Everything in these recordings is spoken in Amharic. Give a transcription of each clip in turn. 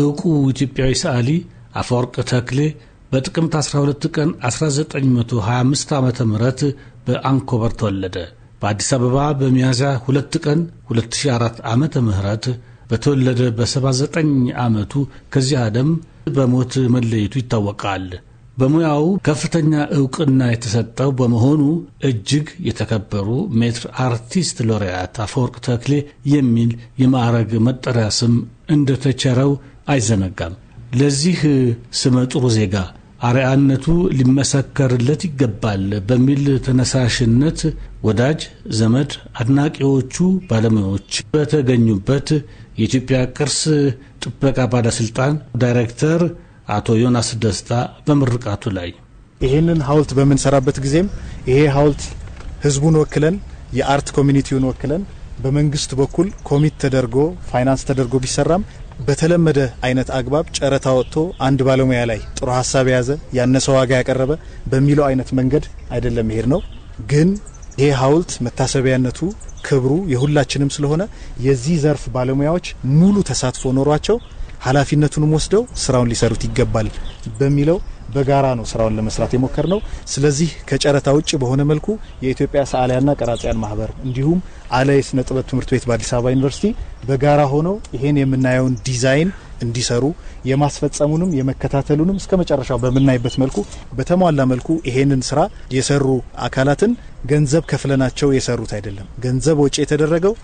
እውቁ ኢትዮጵያዊ ሰዓሊ አፈወርቅ ተክሌ በጥቅምት 12 ቀን 1925 ዓ ም በአንኮበር ተወለደ። በአዲስ አበባ በሚያዝያ 2 ቀን 2004 ዓ ም በተወለደ በ79 ዓመቱ ከዚህ ዓለም በሞት መለየቱ ይታወቃል። በሙያው ከፍተኛ እውቅና የተሰጠው በመሆኑ እጅግ የተከበሩ ሜትር አርቲስት ሎሪያት አፈወርቅ ተክሌ የሚል የማዕረግ መጠሪያ ስም እንደተቸረው አይዘነጋም። ለዚህ ስመ ጥሩ ዜጋ አርአያነቱ ሊመሰከርለት ይገባል በሚል ተነሳሽነት ወዳጅ ዘመድ፣ አድናቂዎቹ፣ ባለሙያዎች በተገኙበት የኢትዮጵያ ቅርስ ጥበቃ ባለሥልጣን ዳይሬክተር አቶ ዮናስ ደስታ በምርቃቱ ላይ ይህንን ሀውልት በምንሰራበት ጊዜም ይሄ ሀውልት ህዝቡን ወክለን የአርት ኮሚኒቲውን ወክለን በመንግስት በኩል ኮሚት ተደርጎ ፋይናንስ ተደርጎ ቢሰራም በተለመደ አይነት አግባብ ጨረታ ወጥቶ አንድ ባለሙያ ላይ ጥሩ ሀሳብ የያዘ ያነሰ ዋጋ ያቀረበ በሚለው አይነት መንገድ አይደለም ይሄድ ነው። ግን ይሄ ሀውልት መታሰቢያነቱ ክብሩ የሁላችንም ስለሆነ የዚህ ዘርፍ ባለሙያዎች ሙሉ ተሳትፎ ኖሯቸው ኃላፊነቱንም ወስደው ስራውን ሊሰሩት ይገባል በሚለው በጋራ ነው ስራውን ለመስራት የሞከር ነው። ስለዚህ ከጨረታ ውጭ በሆነ መልኩ የኢትዮጵያ ሰዓሊያና ቀራጺያን ማህበር እንዲሁም አለ የስነ ጥበብ ትምህርት ቤት በአዲስ አበባ ዩኒቨርሲቲ በጋራ ሆነው ይሄን የምናየውን ዲዛይን እንዲሰሩ የማስፈጸሙንም የመከታተሉንም እስከ መጨረሻው በምናይበት መልኩ በተሟላ መልኩ ይሄንን ስራ የሰሩ አካላትን ገንዘብ ከፍለናቸው የሰሩት አይደለም። ገንዘብ ወጪ የተደረገው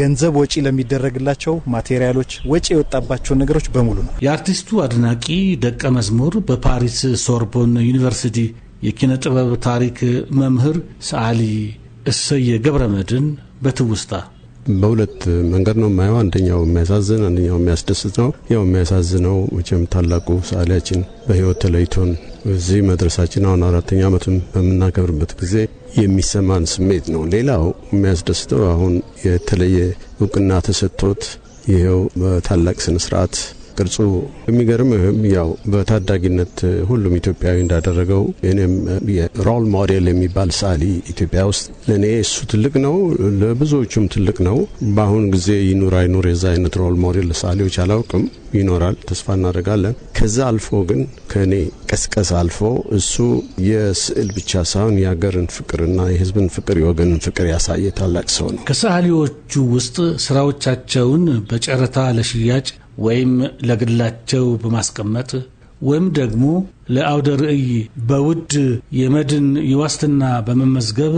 ገንዘብ ወጪ ለሚደረግላቸው ማቴሪያሎች ወጪ የወጣባቸውን ነገሮች በሙሉ ነው። የአርቲስቱ አድናቂ ደቀ መዝሙር በፓሪስ ሶርቦን ዩኒቨርሲቲ የኪነ ጥበብ ታሪክ መምህር ሰዓሊ እሰየ ገብረ መድን በትውስታ በሁለት መንገድ ነው የማየው። አንደኛው የሚያሳዝን፣ አንደኛው የሚያስደስት ነው። ያው የሚያሳዝነው መቼም ታላቁ ሰዓሊያችን በህይወት ተለይቶን እዚህ መድረሳችን አሁን አራተኛ ዓመቱን በምናከብርበት ጊዜ የሚሰማን ስሜት ነው። ሌላው የሚያስደስተው አሁን የተለየ እውቅና ተሰጥቶት ይኸው በታላቅ ስነስርዓት ። ቅርጹ የሚገርም ያው በታዳጊነት ሁሉም ኢትዮጵያዊ እንዳደረገው እኔም ሮል ሞዴል የሚባል ሳሊ ኢትዮጵያ ውስጥ ለእኔ እሱ ትልቅ ነው፣ ለብዙዎቹም ትልቅ ነው። በአሁን ጊዜ ይኑር አይኑር የዛ አይነት ሮል ሞዴል ሳሊዎች አላውቅም። ይኖራል፣ ተስፋ እናደርጋለን። ከዛ አልፎ ግን ከእኔ ቀስቀስ አልፎ እሱ የስዕል ብቻ ሳይሆን የሀገርን ፍቅርና የህዝብን ፍቅር የወገንን ፍቅር ያሳየ ታላቅ ሰው ነው። ከሳሊዎቹ ውስጥ ስራዎቻቸውን በጨረታ ለሽያጭ ወይም ለግላቸው በማስቀመጥ ወይም ደግሞ ለአውደ ርእይ በውድ የመድን የዋስትና በመመዝገብ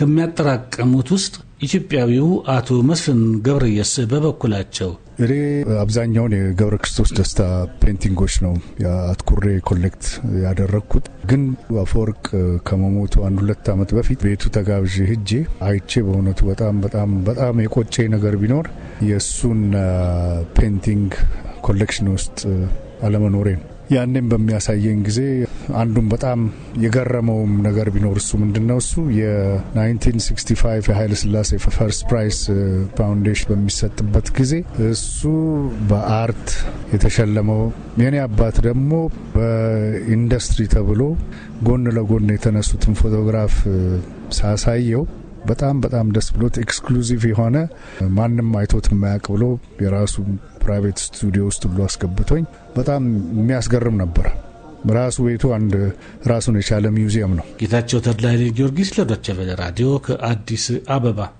ከሚያጠራቀሙት ውስጥ ኢትዮጵያዊው አቶ መስፍን ገብረየስ በበኩላቸው እኔ አብዛኛውን የገብረ ክርስቶስ ደስታ ፔንቲንጎች ነው አትኩሬ ኮሌክት ያደረግኩት። ግን አፈወርቅ ከመሞቱ አንድ ሁለት ዓመት በፊት ቤቱ ተጋብዤ ሂጄ አይቼ በእውነቱ በጣም በጣም በጣም የቆጨ ነገር ቢኖር የእሱን ፔንቲንግ ኮሌክሽን ውስጥ አለመኖሬ ነው። ያኔም በሚያሳየኝ ጊዜ አንዱም በጣም የገረመውም ነገር ቢኖር እሱ ምንድን ነው እሱ የ1965 የኃይለ ስላሴ ፈርስት ፕራይስ ፋውንዴሽን በሚሰጥበት ጊዜ እሱ በአርት የተሸለመው የኔ አባት ደግሞ በኢንዱስትሪ ተብሎ ጎን ለጎን የተነሱትን ፎቶግራፍ ሳሳየው በጣም በጣም ደስ ብሎት ኤክስክሉዚቭ የሆነ ማንም አይቶት የማያውቅ ብሎ የራሱ ፕራይቬት ስቱዲዮ ውስጥ ብሎ አስገብቶኝ በጣም የሚያስገርም ነበር። ራሱ ቤቱ አንድ ራሱን የቻለ ሚውዚየም ነው። ጌታቸው ተድላ ኃይለ ጊዮርጊስ ለዶቸ ራዲዮ ከአዲስ አበባ